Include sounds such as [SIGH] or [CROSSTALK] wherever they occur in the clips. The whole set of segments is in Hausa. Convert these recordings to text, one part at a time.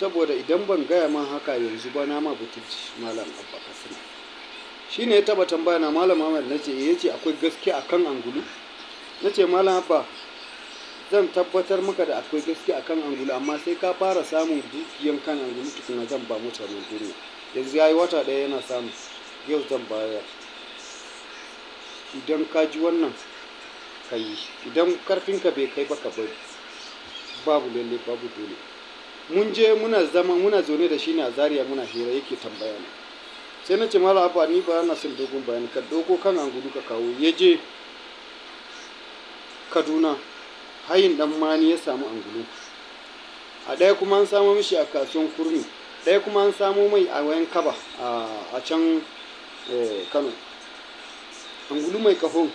saboda idan ban gaya man haka yanzu ba na ma butulci malam abba hassan shi ne ya taba tambaya na malam ahmad na ce eh, ya ce akwai gaske a kan angulu na ce malam abba zan tabbatar maka da akwai gaske a kan angulu amma sai ka fara samun dukiyan kan angulu na zan ba mutanen duniya yanzu ya yi wata ɗaya yana samu yau zan bayar idan ka ji wannan ka yi idan karfinka bai kai ba ka bari babu lalle babu dole mun je muna zama muna zaune da shi ne a zariya muna hira yake tambaya ne sai na ce mala abu ni ba na son dogon bayani ka dogo kan an gudu ka kawo ya je kaduna hayin dan mani ya samu angulu a ɗaya kuma an samo mishi a kasuwan kurmi ɗaya kuma an samo mai a wayan kaba a can eh, kano angulu mai kafon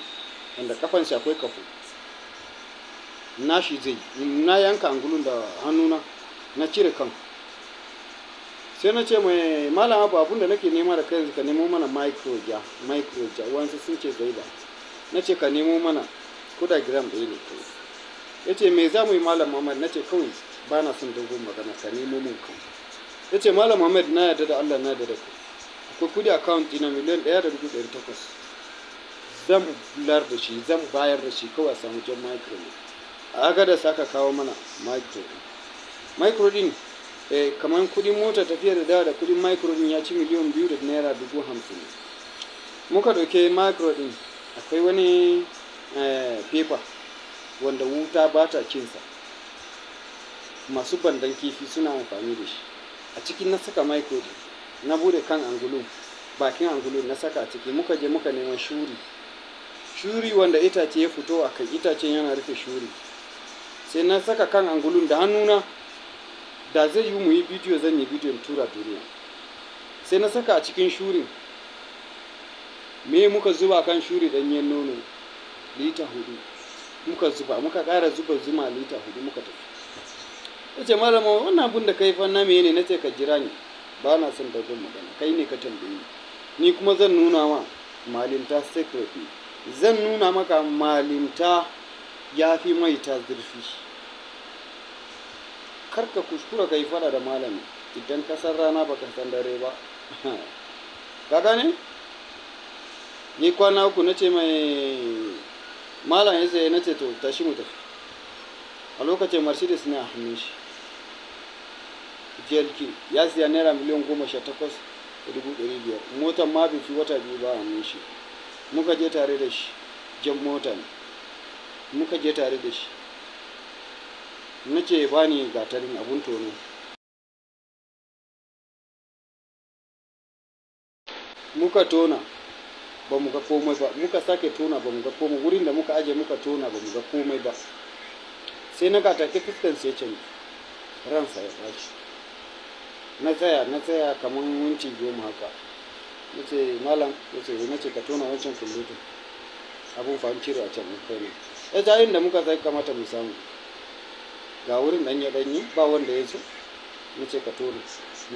wanda kafan shi akwai kafo na shi zai na yanka angulun da hannuna na cire kan sai na ce mai malam abu abun da nake nema da kai yanzu ka nemo mana microja microja wansu sun ce zai ba na ce ka nemo mana kuda gram ɗaya ne kai ya ce me za mu yi malam muhammad na ce kawai ba na son dogon magana ka nemo mun kan ya ce malam muhammad na yarda da allah na yarda da ku akwai kudi account ina miliyan ɗaya da dubu ɗari takwas zan bular da shi zan bayar da shi kawai samun samu jan micro a aga da saka kawo mana micro microdin eh, kamar kudin mota tafiyar da dawa da kudin microdin ya ci miliyan biyu da naira dubu hamsin muka ɗauke microdin akwai wani eh, paper wanda wuta ba ta cinsa masu bandan kifi suna amfani da shi a cikin na saka microdin na bude kan angulu bakin angulu na saka a ciki muka je muka neman shuri shuri wanda itace ya fito a kai itacen yana rufe shuri sai na saka kan angulun da hannuna da zai yi mu yi bidiyo zan yi bidiyon tura duniya sai na saka a cikin shuri me muka zuba kan shuri ɗanyen nono lita hudu muka zuba muka ƙara zuba zuma lita hudu muka tafi ya ce malama wannan abun da kai fa na mene na ce ka jira ni ba na son dogon magana kai ne ka tambaye ni kuma zan nuna ma malinta secret zan nuna maka malinta ya fi ta zurfi kar ka kuskura ka yi fada da malami idan ka san rana ba ka san dare ba [LAUGHS] ka gane ni kwana uku na ce mai malam ya sai na ce to tashi mu tafi a lokacin mercedes ne a hannun shi jlk ya siya naira miliyan goma sha takwas dubu ɗari biyar motar ma bai fi wata biyu ba a hannun shi muka je tare da shi jan mota ne muka je tare da shi nace ni gatarin abun tono muka tona ba mu ga komai ba muka sake tona ba mu ga komai wurin da muka aje muka tona ba mu ga komai ba sai na gata ta fuskan sai can ransa ya tashi na tsaya na tsaya kamar minti goma haka na ce malam ya ce na ce ka tona wancan kullutun abun fahimci a can kai ne ya jayin da muka sai kamata mu samu ga wurin nan ya danyi ba wanda ya ce, na ce ka tona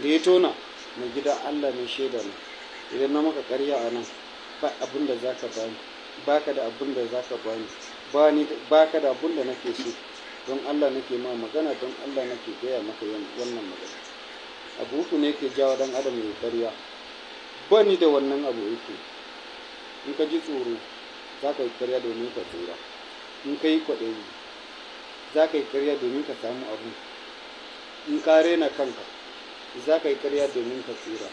da ya tona na gidan allah mai shaida na idan na maka karya a nan ba abin da za ka bani ba ka da abin da za ka bani ba ka da abin da nake so don allah nake ma magana don allah nake gaya maka wannan magana abu uku ne ke jawo dan adam mai karya ba ni da wannan abu uku in ka ji tsoro za ka yi karya domin ka tsira in ka yi kwaɗayi za ka yi karya domin ka samu abu in ka rena kanka za ka yi karya domin ka tsira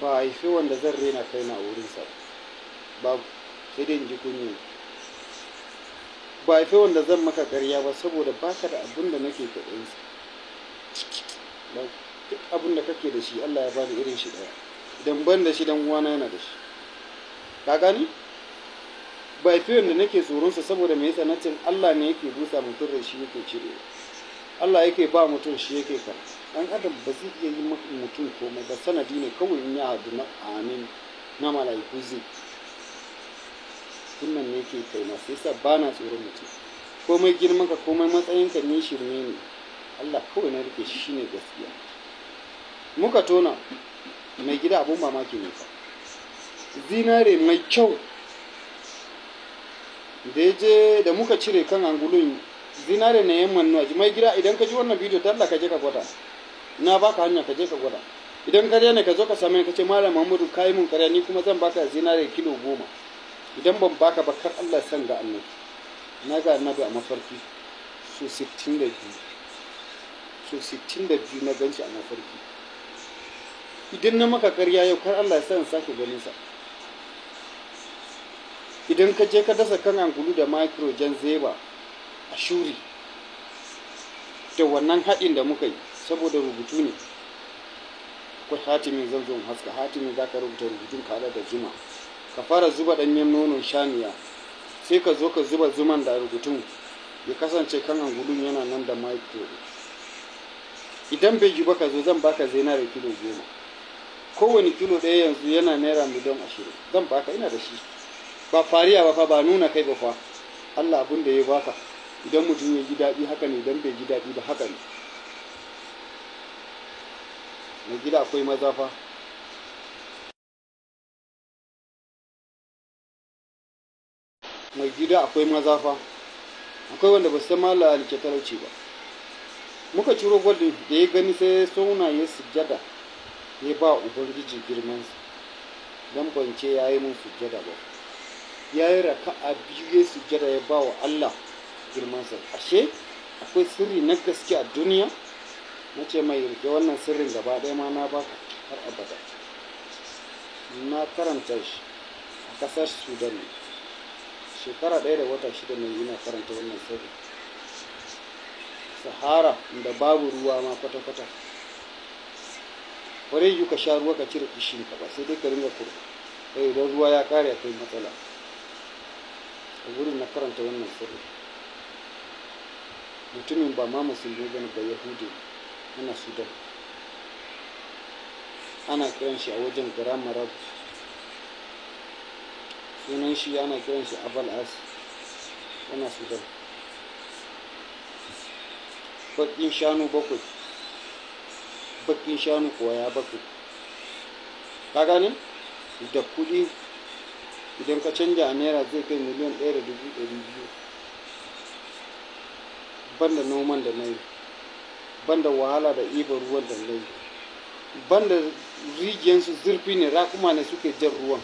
ba a haifi wanda zan rena kaina a wurinsa babu sai dai in ji kunya ba a haifi wanda zan maka karya ba saboda ba ka da abin da nake kaɗinsa duk abin da kake da shi allah ya bani irin shi ɗaya idan ban da shi dan uwana yana da shi ka gani ba fiyon da nake tsoronsa saboda mai sanatin Allah ne yake busa mutum da shi yake cire Allah yake ba mutum shi yake kan dan adam ba zai iya yi mutum komai ba sanadi ne kawai in ya haɗu na amin na mala'iku zai sunan ne yake kai masu sai ba na tsoron mutum komai girman ka komai matsayin ka ne shirme ne Allah kawai na rike shi ne gaskiya muka tona mai gida abun mamaki ne fa zinare mai kyau da ya je da muka cire kan angulun zinare na yan mannuwa mai gida idan ka ji wannan bidiyo talla ka je ka gwada na baka hanya ka je ka gwada idan karya ne ka zo ka same ka ce malam mahmudu ka yi mun karya ni kuma zan baka zinare kilo goma idan ban baka ba kar allah san ga annabi na ga annabi a mafarki su sittin da biyu su sittin da biyu na ganshi a mafarki idan na maka karya yau kar allah san sake ganin sa idan ka je ka dasa kan angulu da microgen zeba a shuri da wannan haɗin da muka yi saboda rubutu ne akwai hatimin zanzon haska hatimin za ka rubuta rubutun kada da zuma ka fara zuba ɗanyen nonon shaniya sai ka zo ka zuba zuman da rubutun ya kasance kan angulun yana nan da micro idan bai yi ba ka zo zan baka zinare kilo goma kowane kilo ɗaya yanzu yana naira miliyan ashirin zan baka ina da shi ba fariya ba fa ba nuna kai ba fa Allah abin da ya baka idan mutum ya ji daɗi haka ne idan bai ji daɗi ba haka ne mai gida akwai maza fa mai gida akwai maza fa akwai wanda ba san mala alike talauci ba muka ciro gwaldin da ya gani sai ya sauna ya sujjada ya ba ubangiji girman su don bance ya yi mun sujjada ba ya yi raka'a biyu ya sujjada ya ba wa Allah girmansa ashe akwai sirri na gaske a duniya na ce mai rike wannan sirrin gaba ɗaya ma na baka har abada na karanta shi a ƙasar sudan shekara ɗaya da wata shida mai yana karanta wannan sirri sahara da babu ruwa ma kwata-kwata kwarai yi ka sha ruwa ka cire kishin ka ba sai dai ka ringa kurba sai idan ruwa ya kare kai matsala a gurin na karanta wannan sirri mutumin ba ma musulmi bane ba yahudi ana sudan ana kiran shi a wajen garamarab sunan shi ana kiran shi abal as ana sudan bakin shanu bakwai bakin shanu kuwa ya bakwai ka gane da kuɗi idan ka canja a naira zai kai miliyan ɗaya da dubu ɗari biyu banda noman da na yi banda wahala da ibar ruwan da na yi banda rigiyansu zurfi ne rakuma ne suke jan ruwan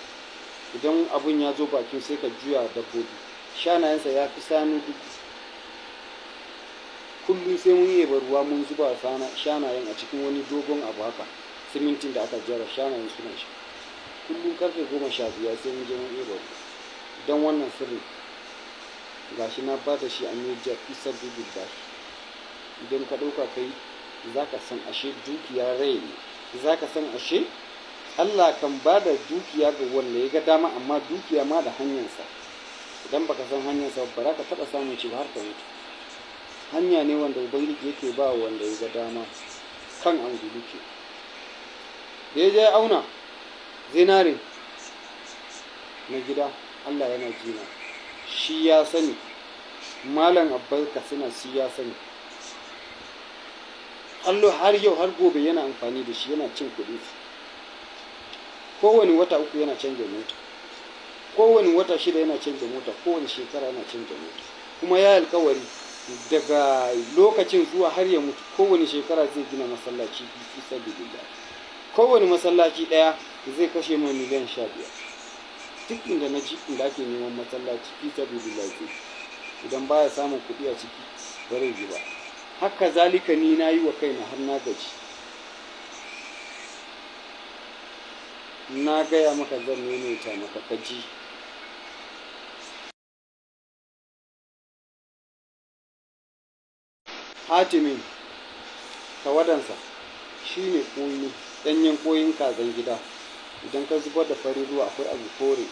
idan abun ya zo bakin sai ka juya da dabbobi shanayensa ya fi sanu duk kullum sai mun yi ruwa mun zuba shanayen a cikin wani dogon abu haka simintin da aka jera shanayen suna shi kullum karfe goma sha biyar sai mun je mun ɗebo don wannan sirri Ga shi na ba da shi a media isa dubu da idan ka ɗauka kai za ka san ashe dukiya rai ne za ka san ashe allah kan ba da dukiya ga wanda ya ga dama amma dukiya ma da hanyarsa idan baka san hanyarsa ba za ka taɓa samun cewa har ka mutu hanya ne wanda ubangiji yake ba wanda ya ga dama kan gudu ke da ya je auna zinare na gida allah yana jina shi ya sani malam abbas suna shi ya sani allo har yau har gobe yana amfani da shi yana cin kudi kowane wata uku yana canja mota kowane wata shida yana canja mota kowane shekara yana canja mota kuma ya alkawari daga lokacin zuwa har ya mutu kowane shekara zai gina masallaci fi sabilillah kowane masallaci ɗaya zai kashe mai miliyan sha biyar duk inda na ji inda ake neman masallaci fi saboda lafi idan baya samun kuɗi a ciki ba zai ji ba haka zalika ni na yi wa kaina har na gaji na gaya maka zan ta maka kaji hatimin tawadansa shi ne koyi ɗanyen koyin kazan gida idan ka zubar da farin ruwa akwai abu kore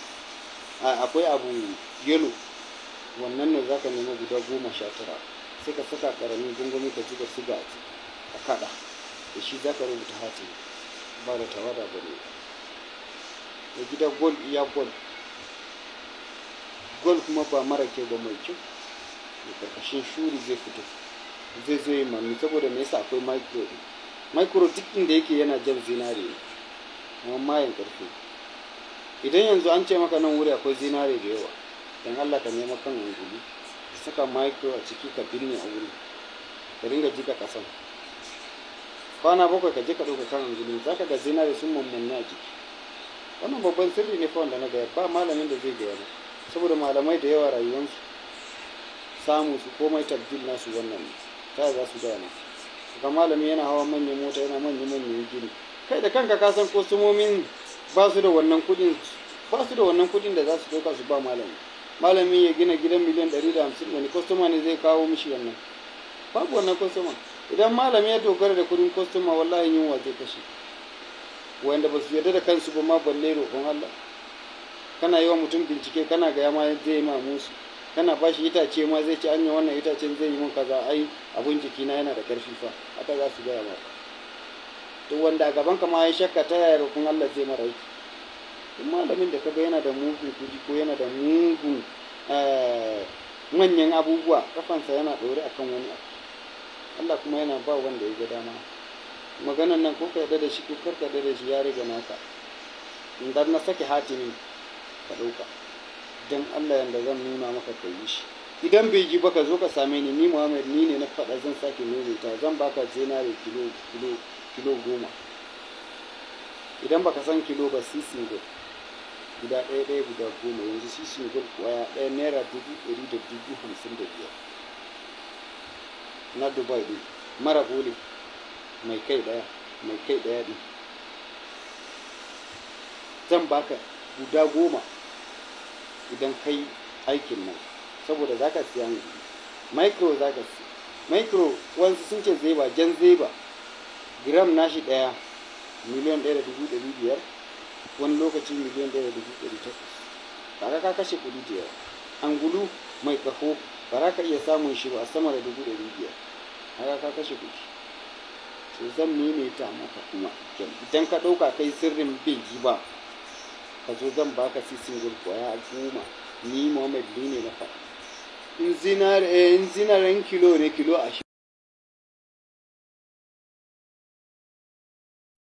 akwai abu yelo wannan ne zaka nemi guda goma sha tara sai ka saka karamin gungumi ka zuba siga a a kada da shi zaka rubuta hati ba da tawada ba ne da gida gol iya gol gol kuma ba mara kyau ba mai kyau da karkashin shuri zai fito zai zo yi mami saboda me yasa akwai micro micro duk inda yake yana jan zinare ne kamar mayan ƙarfe idan yanzu an ce maka nan wuri akwai zinare da yawa don allah ka nema kan ungulu ka saka micro a ciki ka binne a wuri ka ringa jika kasan kwana bakwai ka je ka ɗauka kan ungulu za ka ga zinare sun mummunna a jiki wannan babban sirri ne fa wanda na gaya ba malamin da zai gaya ba saboda malamai da yawa rayuwansu samu su komai tabbil nasu wannan ne ta za su gaya maka malami yana hawa manyan mota yana manyan manyan gini kai da kanka ka san ba su da wannan kudin ba su da wannan kudin da za su doka su ba malami malami ya gina gidan miliyan 150 wani kostoma ne zai kawo mishi wannan babu wannan kostoma idan malami ya dogara da kudin kostoma wallahi yunwa zai kashe wanda ba su yarda da kansu ba ma balle roƙon Allah kana yi wa mutum bincike kana ga ma zai ma musu kana ba shi itace ma zai ci anya wannan itacen zai yi mun kaza ai abun jikina yana da karfi fa haka za su gaya maka duk wanda a gaban kama ya shakka ta yaya rukun Allah zai mara yi? duk malamin da kaga yana da mugun kuji ko yana da mugun eh, manyan abubuwa kafansa yana ɗore akan wani abu Allah kuma yana ba wanda ya ga dama maganan nan ko ka yarda da shi ko kar ka yarda da shi ya riga naka in na sake hatimi ka ɗauka dan Allah yanda zan nuna maka ka yi shi idan bai ji ba ka zo ka same ni ni Muhammad ni ne na faɗa zan sake nuna ta zan baka zinare kilo kilo kilo goma idan baka san kilo ba sisin gol guda ɗaya ɗaya guda goma yanzu gul kuwa ya ɗaya naira dubu ɗari da dubu hamsin da biyar na dubai ɗin mara gole mai kai ɗaya mai kai ɗaya ɗin zan baka guda goma idan kai aikin nan saboda za ka siya micro za ka siya micro wasu sun ce zeba jan zeba gram nashi ɗaya miliyan ɗaya da dubu ɗari biyar wani lokaci miliyan ɗaya da dubu ɗari takwas kaga ka kashe kuɗi da yawa angulu mai kaho ba za ka iya samun shi ba sama da dubu ɗari biyar kaga ka kashe kuɗi to zan maimaita maka kuma idan ka ɗauka kai sirrin bin ba ka zo zan baka sisin a goma ni muhammad ne na faɗa eh, in zinaren kilo ne kilo ashirin